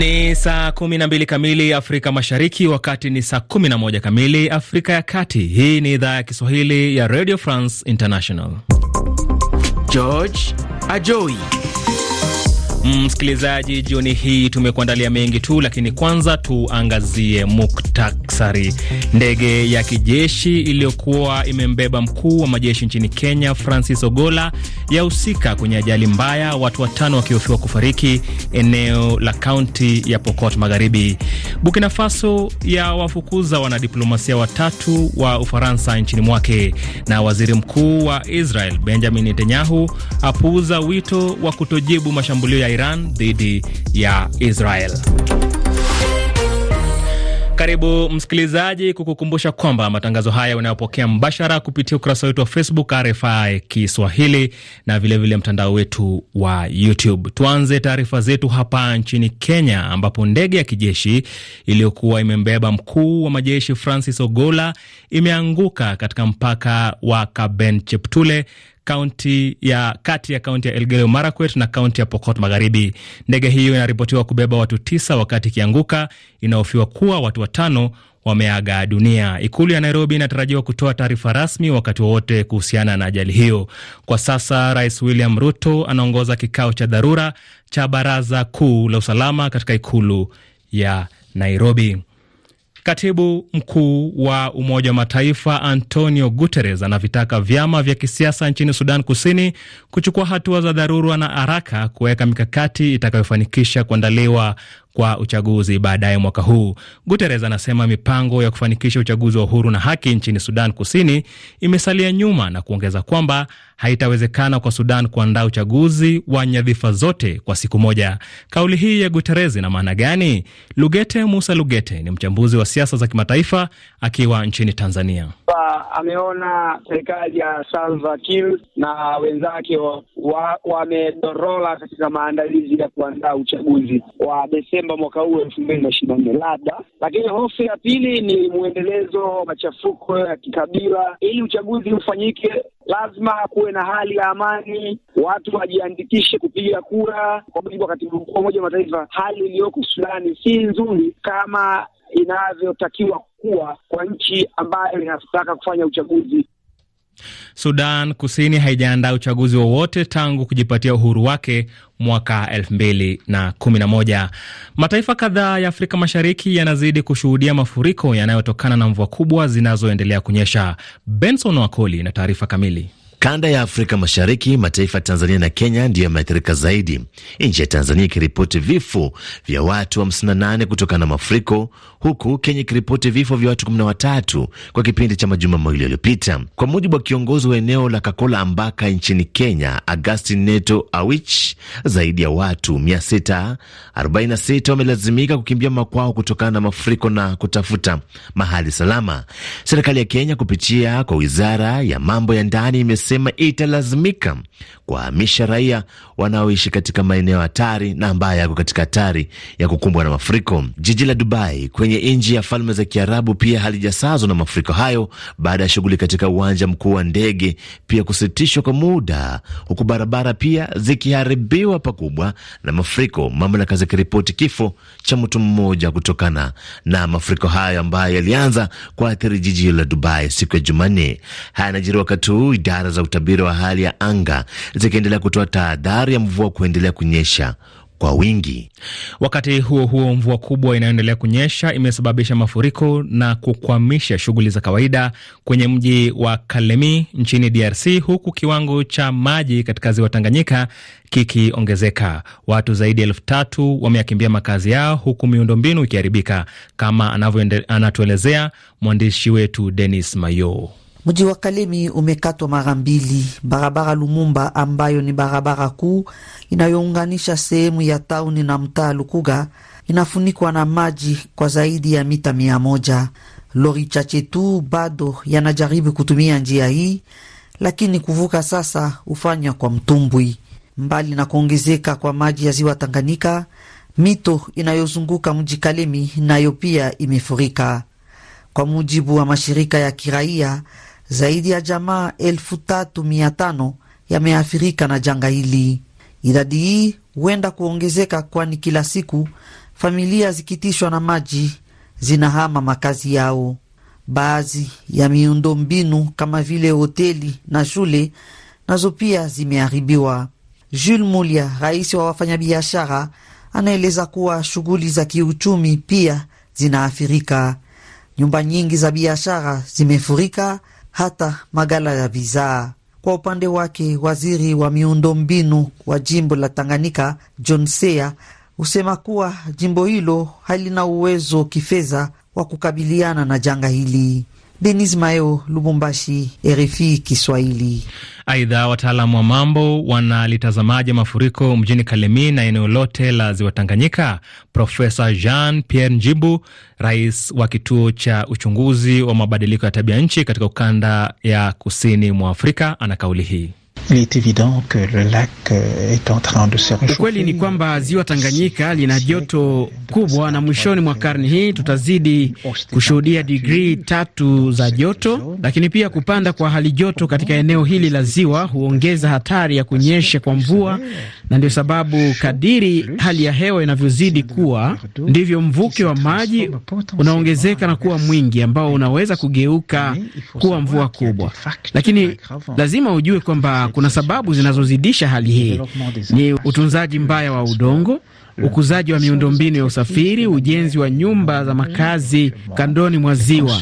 Ni saa mbili kamili Afrika Mashariki, wakati ni saa moja kamili Afrika ya Kati. Hii ni idhaa ya Kiswahili ya Radio France International. George Ajoi Mm, msikilizaji jioni hii tumekuandalia mengi tu, lakini kwanza tuangazie muktasari. Ndege ya kijeshi iliyokuwa imembeba mkuu wa majeshi nchini Kenya Francis Ogola yahusika kwenye ajali mbaya, watu watano wakihofiwa kufariki eneo la kaunti ya Pokot Magharibi. Burkina Faso ya wafukuza wanadiplomasia watatu wa Ufaransa nchini mwake, na waziri mkuu wa Israel Benjamin Netanyahu apuuza wito wa kutojibu mashambulio ya Iran dhidi ya Israel. Karibu msikilizaji, kukukumbusha kwamba matangazo haya unayopokea mbashara kupitia ukurasa wetu wa Facebook RFI Kiswahili na vilevile mtandao wetu wa YouTube. Tuanze taarifa zetu hapa nchini Kenya, ambapo ndege ya kijeshi iliyokuwa imembeba mkuu wa majeshi Francis Ogola imeanguka katika mpaka wa Kaben Cheptule kaunti ya kati ya kaunti ya Elgeyo Marakwet na kaunti ya Pokot Magharibi. Ndege hiyo inaripotiwa kubeba watu tisa wakati ikianguka. Inahofiwa kuwa watu watano wameaga dunia. Ikulu ya Nairobi inatarajiwa kutoa taarifa rasmi wakati wowote kuhusiana na ajali hiyo. Kwa sasa, Rais William Ruto anaongoza kikao cha dharura cha Baraza Kuu la Usalama katika ikulu ya Nairobi. Katibu mkuu wa Umoja wa Mataifa Antonio Guterres anavitaka vyama vya kisiasa nchini Sudan Kusini kuchukua hatua za dharura na haraka kuweka mikakati itakayofanikisha kuandaliwa kwa uchaguzi baadaye mwaka huu. Guterres anasema mipango ya kufanikisha uchaguzi wa uhuru na haki nchini Sudan Kusini imesalia nyuma na kuongeza kwamba haitawezekana kwa Sudan kuandaa uchaguzi wa nyadhifa zote kwa siku moja. Kauli hii ya Guterres ina maana gani? Lugete Musa Lugete ni mchambuzi wa siasa za kimataifa akiwa nchini Tanzania. Ba, ameona serikali ya Salva Kiir na wenzake wamedorola wa katika maandalizi ya kuandaa uchaguzi wa Desemba mwaka huu elfu mbili na ishirini na nne labda, lakini hofu ya pili ni mwendelezo wa machafuko ya kikabila. Ili uchaguzi ufanyike lazima kuwe na hali ya amani, watu wajiandikishe kupiga kura. Kwa mujibu wa katibu mkuu wa Umoja wa Mataifa, hali iliyoko Sudani si nzuri kama inavyotakiwa kuwa kwa nchi ambayo inataka kufanya uchaguzi. Sudan Kusini haijaandaa uchaguzi wowote tangu kujipatia uhuru wake mwaka moja. Mataifa kadhaa ya Afrika Mashariki yanazidi kushuhudia mafuriko yanayotokana na mvua kubwa zinazoendelea kunyesha. Benson Wakoli na taarifa kamili. Kanda ya Afrika Mashariki, mataifa ya Tanzania na Kenya ndiyo yameathirika zaidi, nchi ya Tanzania ikiripoti vifo vya watu 58 kutokana na mafuriko, huku Kenya ikiripoti vifo vya watu 13 kwa kipindi cha majuma mawili yaliyopita, kwa mujibu wa kiongozi wa eneo la Kakola Ambaka nchini Kenya, Agustin Neto Awich. Zaidi ya watu 646 wamelazimika kukimbia makwao kutokana na mafuriko na kutafuta mahali salama. Serikali ya Kenya kupitia kwa wizara ya mambo ya ndani imes inasema italazimika kuwahamisha raia wanaoishi katika maeneo hatari na ambayo yako katika hatari ya kukumbwa na mafuriko. Jiji la Dubai kwenye nchi ya Falme za Kiarabu pia halijasazwa na mafuriko hayo baada ya shughuli katika uwanja mkuu wa ndege pia kusitishwa kwa muda, huku barabara pia zikiharibiwa pakubwa na mafuriko, mamlaka zikiripoti kifo cha mtu mmoja kutokana na mafuriko hayo ambayo yalianza kuathiri jiji la Dubai siku ya Jumanne. Haya yanajiri wakati huu idara za za utabiri wa hali ya anga zikiendelea kutoa tahadhari ya mvua kuendelea kunyesha kwa wingi. Wakati huo huo, mvua kubwa inayoendelea kunyesha imesababisha mafuriko na kukwamisha shughuli za kawaida kwenye mji wa Kalemi nchini DRC, huku kiwango cha maji katika ziwa Tanganyika kikiongezeka. Watu zaidi ya elfu tatu wameyakimbia makazi yao, huku miundombinu ikiharibika, kama anatuelezea mwandishi wetu Denis Mayo. Mji wa Kalemi umekatwa mara mbili. Barabara Lumumba ambayo ni barabara kuu inayounganisha sehemu ya tauni na mtaa Lukuga inafunikwa na maji kwa zaidi ya mita mia moja. Lori chache tu bado yanajaribu kutumia njia hii, lakini kuvuka sasa hufanywa kwa mtumbwi. Mbali na kuongezeka kwa maji ya ziwa Tanganyika, mito inayozunguka mji Kalemi nayo pia imefurika. Kwa mujibu wa mashirika ya kiraia zaidi ya jamaa elfu tatu mia tano yameathirika na janga hili. Idadi hii huenda kuongezeka, kwani kila siku familia zikitishwa na maji zinahama makazi yao. Baadhi ya miundo mbinu kama vile hoteli na shule nazo pia zimeharibiwa. Jules Mulia, rais wa wafanyabiashara, anaeleza kuwa shughuli za kiuchumi pia zinaathirika. Nyumba nyingi za biashara zimefurika hata magala ya vizaa. Kwa upande wake, waziri wa miundo mbinu wa jimbo la Tanganyika John Seya husema kuwa jimbo hilo halina uwezo kifedha wa kukabiliana na janga hili. Denis Mayo, Lubumbashi, RFI Kiswahili. Aidha, wataalamu wa mambo wanalitazamaje mafuriko mjini Kalemi na eneo lote la ziwa Tanganyika? Profesa Jean Pierre Njibu, rais wa kituo cha uchunguzi wa mabadiliko ya tabia nchi katika ukanda ya kusini mwa Afrika, ana kauli hii le Ukweli euh, ni kwamba ziwa Tanganyika lina joto kubwa na mwishoni mwa karne hii tutazidi kushuhudia digrii tatu za joto, lakini pia kupanda kwa hali joto katika eneo hili la ziwa huongeza hatari ya kunyesha kwa mvua na ndio sababu kadiri hali ya hewa inavyozidi kuwa ndivyo mvuke wa maji unaongezeka na kuwa mwingi, ambao unaweza kugeuka kuwa mvua kubwa. Lakini lazima ujue kwamba kuna sababu zinazozidisha hali hii: ni utunzaji mbaya wa udongo ukuzaji wa miundombinu ya usafiri, ujenzi wa nyumba za makazi kandoni mwa ziwa.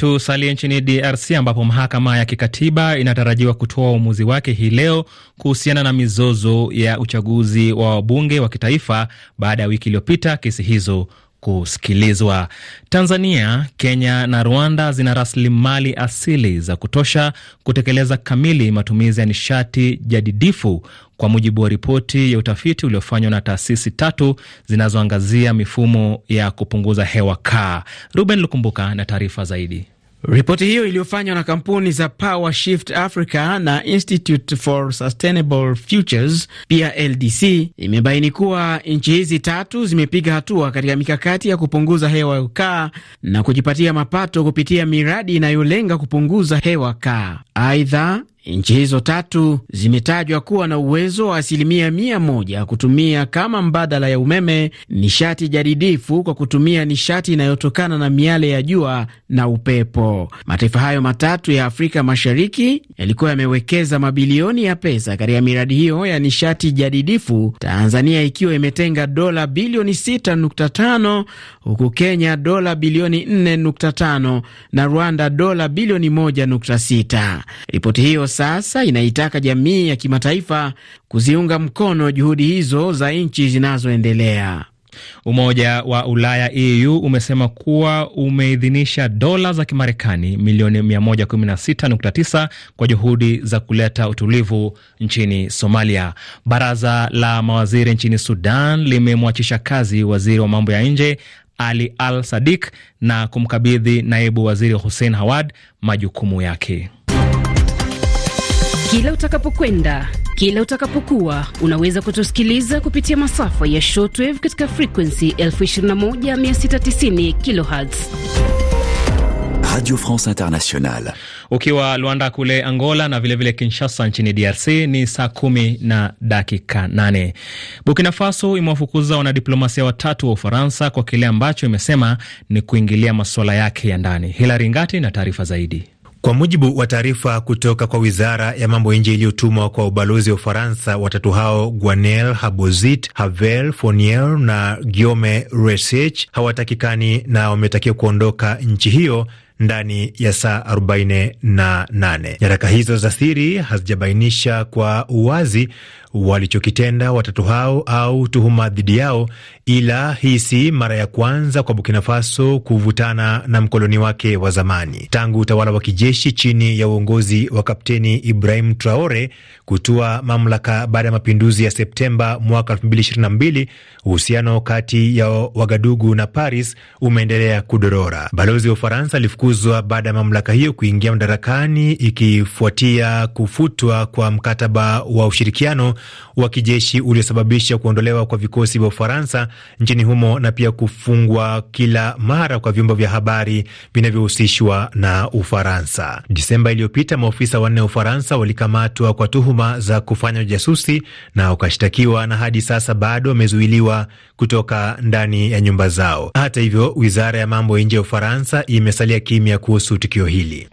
Tusalie nchini DRC ambapo mahakama ya kikatiba inatarajiwa kutoa uamuzi wake hii leo kuhusiana na mizozo ya uchaguzi wa wabunge wa kitaifa baada ya wiki iliyopita kesi hizo kusikilizwa. Tanzania, Kenya na Rwanda zina rasilimali asili za kutosha kutekeleza kamili matumizi ya nishati jadidifu kwa mujibu wa ripoti ya utafiti uliofanywa na taasisi tatu zinazoangazia mifumo ya kupunguza hewa kaa. Ruben Lukumbuka na taarifa zaidi. Ripoti hiyo iliyofanywa na kampuni za Power Shift Africa na Institute for Sustainable Futures pia LDC imebaini kuwa nchi hizi tatu zimepiga hatua katika mikakati ya kupunguza hewa ukaa na kujipatia mapato kupitia miradi inayolenga kupunguza hewa kaa. Aidha, Nchi hizo tatu zimetajwa kuwa na uwezo wa asilimia mia moja kutumia kama mbadala ya umeme nishati jadidifu kwa kutumia nishati inayotokana na miale ya jua na upepo. Mataifa hayo matatu ya Afrika Mashariki yalikuwa yamewekeza mabilioni ya pesa katika miradi hiyo ya nishati jadidifu, Tanzania ikiwa imetenga dola bilioni 6.5 huku Kenya dola bilioni 4.5 na Rwanda dola bilioni 1.6. Ripoti hiyo sasa inaitaka jamii ya kimataifa kuziunga mkono juhudi hizo za nchi zinazoendelea. Umoja wa Ulaya EU umesema kuwa umeidhinisha dola za Kimarekani milioni 116.9 kwa juhudi za kuleta utulivu nchini Somalia. Baraza la mawaziri nchini Sudan limemwachisha kazi waziri wa mambo ya nje Ali Al Sadik na kumkabidhi naibu waziri Hussein Hawad majukumu yake. Kila utakapokwenda, kila utakapokuwa, unaweza kutusikiliza kupitia masafa ya shortwave katika frequency 21690 kilohertz. Radio France Internationale. Ukiwa Luanda kule Angola na vilevile vile Kinshasa nchini DRC ni saa kumi na dakika nane. Burkina Faso imewafukuza wanadiplomasia watatu wa Ufaransa kwa kile ambacho imesema ni kuingilia masuala yake ya ndani. Hilari Ngati na taarifa zaidi. Kwa mujibu wa taarifa kutoka kwa wizara ya mambo ya nje iliyotumwa kwa ubalozi wa Ufaransa, watatu hao Guanel Habozit, Havel Fournier na Guillaume Resich hawatakikani na wametakiwa kuondoka nchi hiyo ndani ya saa 48. Nyaraka hizo za siri hazijabainisha kwa uwazi walichokitenda watatu hao au tuhuma dhidi yao, ila hii si mara ya kwanza kwa Burkina Faso kuvutana na mkoloni wake wa zamani tangu utawala wa kijeshi chini ya uongozi wa Kapteni Ibrahim Traore kutua mamlaka baada ya mapinduzi ya Septemba mwaka 2022. Uhusiano kati ya Wagadugu na Paris umeendelea kudorora. Balozi wa Ufaransa alifukuzwa baada ya mamlaka hiyo kuingia madarakani ikifuatia kufutwa kwa mkataba wa ushirikiano wa kijeshi uliosababisha kuondolewa kwa vikosi vya Ufaransa nchini humo na pia kufungwa kila mara kwa vyombo vya habari vinavyohusishwa na Ufaransa. Desemba iliyopita, maofisa wanne wa Ufaransa walikamatwa kwa tuhuma za kufanya ujasusi na wakashtakiwa, na hadi sasa bado wamezuiliwa kutoka ndani ya nyumba zao. Hata hivyo, wizara ya mambo ya nje ya Ufaransa imesalia kimya kuhusu tukio hili.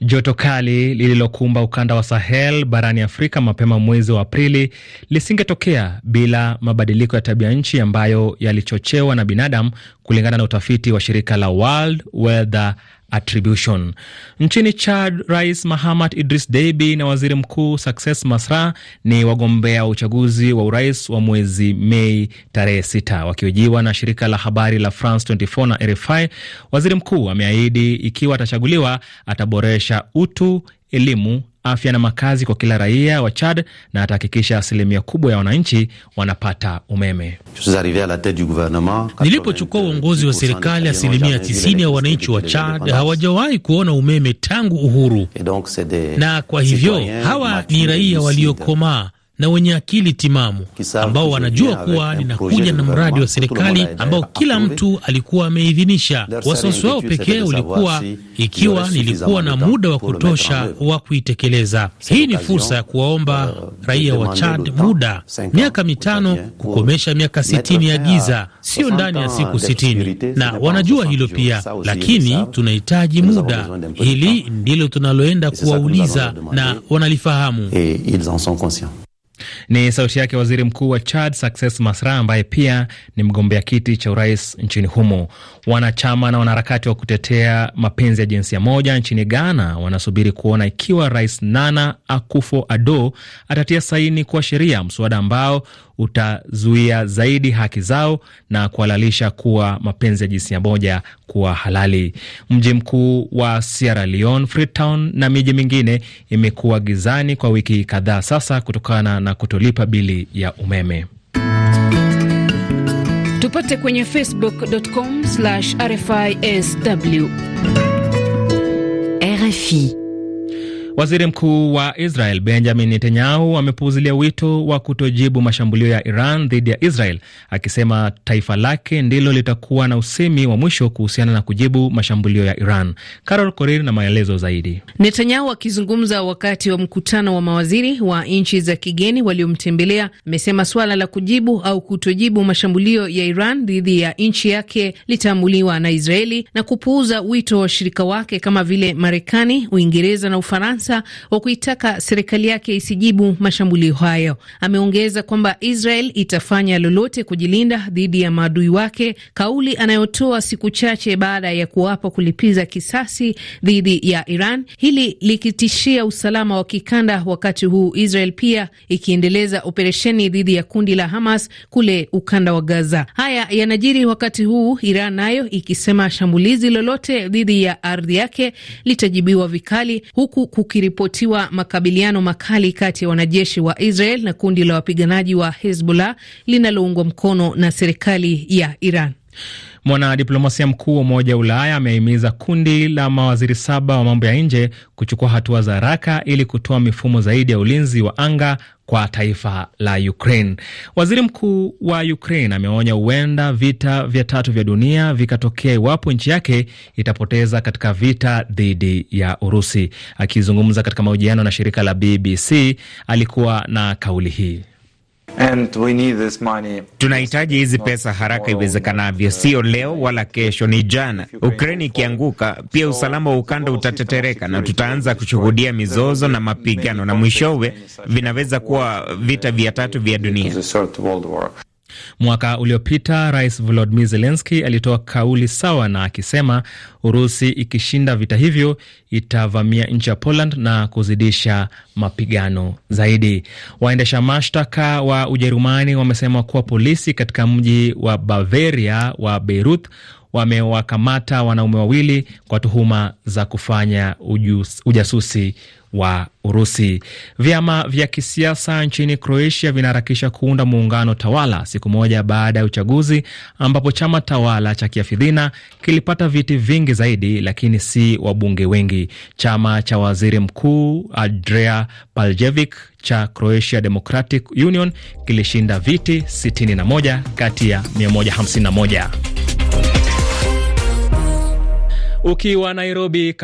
Joto kali lililokumba ukanda wa Sahel barani Afrika mapema mwezi wa Aprili lisingetokea bila mabadiliko ya tabia nchi ambayo yalichochewa na binadamu, kulingana na utafiti wa shirika la World Weather attribution. Nchini Chad, Rais Mahamat Idris Deby na Waziri Mkuu Sukses Masra ni wagombea uchaguzi wa urais wa mwezi Mei tarehe 6 wakiojiwa na shirika la habari la France 24 na RFI, waziri mkuu ameahidi ikiwa atachaguliwa ataboresha utu, elimu afya na makazi kwa kila raia wa Chad na atahakikisha asilimia kubwa ya wananchi wanapata umeme. Nilipochukua uongozi wa serikali, asilimia 90 ya wananchi wa Chad hawajawahi kuona umeme tangu uhuru, na kwa hivyo hawa ni raia waliokomaa na wenye akili timamu ambao wanajua kuwa ninakuja na mradi wa serikali ambao kila mtu alikuwa ameidhinisha. Wasiwasi wao pekee ulikuwa ikiwa nilikuwa na muda wa kutosha wa kuitekeleza. Hii ni fursa ya kuwaomba uh, raia wa Chad muda, miaka mitano kukomesha miaka sitini ya giza, sio ndani ya siku sitini, na wanajua hilo pia, lakini tunahitaji muda. Hili ndilo tunaloenda kuwauliza na wanalifahamu. Ni sauti yake waziri mkuu wa Chad Success Masra, ambaye pia ni mgombea kiti cha urais nchini humo. Wanachama na wanaharakati wa kutetea mapenzi ya jinsia moja nchini Ghana wanasubiri kuona ikiwa rais Nana Akufo-Addo atatia saini kuwa sheria mswada ambao utazuia zaidi haki zao na kuhalalisha kuwa mapenzi ya jinsia moja kuwa halali. Mji mkuu wa Sierra Leone, Freetown, na miji mingine imekuwa gizani kwa wiki kadhaa sasa kutokana na kutolipa bili ya umeme. Tupate kwenye facebook.com/rfisw RFI. Waziri mkuu wa Israel Benjamin Netanyahu amepuuzilia wito wa kutojibu mashambulio ya Iran dhidi ya Israel, akisema taifa lake ndilo litakuwa na usemi wa mwisho kuhusiana na kujibu mashambulio ya Iran. Carol Korir na maelezo zaidi. Netanyahu akizungumza wakati wa mkutano wa mawaziri wa nchi za kigeni waliomtembelea, amesema suala la kujibu au kutojibu mashambulio ya Iran dhidi ya nchi yake litaamuliwa na Israeli na kupuuza wito wa washirika wake kama vile Marekani, Uingereza na Ufaransa Ufaransa wa kuitaka serikali yake isijibu mashambulio hayo. Ameongeza kwamba Israel itafanya lolote kujilinda dhidi ya maadui wake, kauli anayotoa siku chache baada ya kuapa kulipiza kisasi dhidi ya Iran, hili likitishia usalama wa kikanda, wakati huu Israel pia ikiendeleza operesheni dhidi ya kundi la Hamas kule ukanda wa Gaza. Haya yanajiri wakati huu Iran nayo ikisema shambulizi lolote dhidi ya ardhi yake litajibiwa vikali, huku kukiripotiwa makabiliano makali kati ya wanajeshi wa Israel na kundi la wapiganaji wa Hezbollah linaloungwa mkono na serikali ya Iran. Mwanadiplomasia mkuu wa Umoja wa Ulaya amehimiza kundi la mawaziri saba wa mambo ya nje kuchukua hatua za haraka ili kutoa mifumo zaidi ya ulinzi wa anga kwa taifa la Ukraine. Waziri mkuu wa Ukraine ameonya huenda vita vya tatu vya dunia vikatokea iwapo nchi yake itapoteza katika vita dhidi ya Urusi. Akizungumza katika mahojiano na shirika la BBC, alikuwa na kauli hii. Tunahitaji hizi pesa haraka iwezekanavyo, sio leo wala kesho, ni jana. Ukraini ikianguka, pia usalama wa ukanda utatetereka na tutaanza kushuhudia mizozo na mapigano, na mwishowe vinaweza kuwa vita vya tatu vya dunia. Mwaka uliopita Rais Volodymyr Zelensky alitoa kauli sawa, na akisema Urusi ikishinda vita hivyo itavamia nchi ya Poland na kuzidisha mapigano zaidi. Waendesha mashtaka wa Ujerumani wamesema kuwa polisi katika mji wa Bavaria wa Beirut wamewakamata wanaume wawili kwa tuhuma za kufanya ujus, ujasusi wa Urusi. Vyama vya kisiasa nchini Croatia vinaharakisha kuunda muungano tawala siku moja baada ya uchaguzi ambapo chama tawala cha Kiafidhina kilipata viti vingi zaidi, lakini si wabunge wengi. Chama cha waziri mkuu Andrea Paljevic cha Croatia Democratic Union kilishinda viti 61 kati ya 151 ukiwa Nairobi.